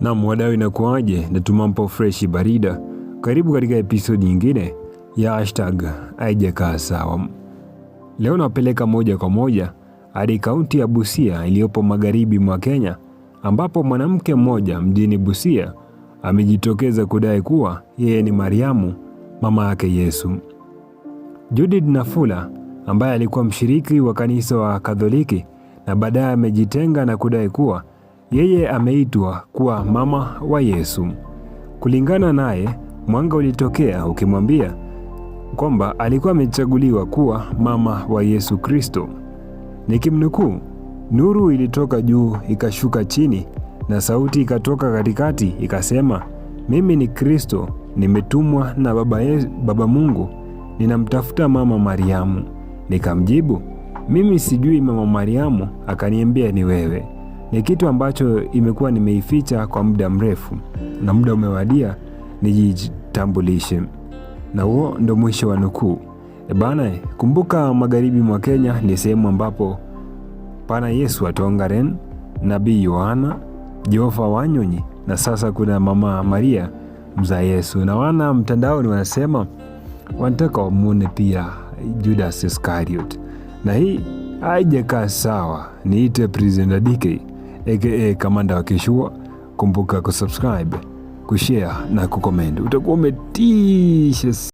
Nam wadau, inakuaje? Natuma mpo freshi barida. Karibu katika episodi nyingine ya hashtag haijakaa sawa. Leo napeleka moja kwa moja hadi kaunti ya Busia iliyopo magharibi mwa Kenya, ambapo mwanamke mmoja mjini Busia amejitokeza kudai kuwa yeye ni Mariamu mama yake Yesu. Judith Nafula ambaye alikuwa mshiriki wa kanisa wa katholiki na baadaye amejitenga na kudai kuwa yeye ameitwa kuwa mama wa Yesu. Kulingana naye, mwanga ulitokea ukimwambia kwamba alikuwa amechaguliwa kuwa mama wa Yesu Kristo. Nikimnukuu, nuru ilitoka juu ikashuka chini na sauti ikatoka katikati ikasema, mimi ni Kristo, nimetumwa na baba, Yesu, baba Mungu, ninamtafuta mama Mariamu. Nikamjibu, mimi sijui mama Mariamu, akaniambia ni wewe. Ni kitu ambacho imekuwa nimeificha kwa muda mrefu, na muda umewadia nijitambulishe. Na huo ndo mwisho wa nukuu. E bana, kumbuka magharibi mwa Kenya ni sehemu ambapo pana Yesu wa Tongaren, Nabii Yohana, Jehova Wanyonyi na sasa kuna Mama Maria mza Yesu, na wana mtandaoni wanasema wanataka wamwone pia Judas Iskariot, na hii haijakaa sawa. Niite presenter DK aka Kamanda wa Kishua. Kumbuka kusubscribe, kushare na kucomment. Utakuwa umetisha.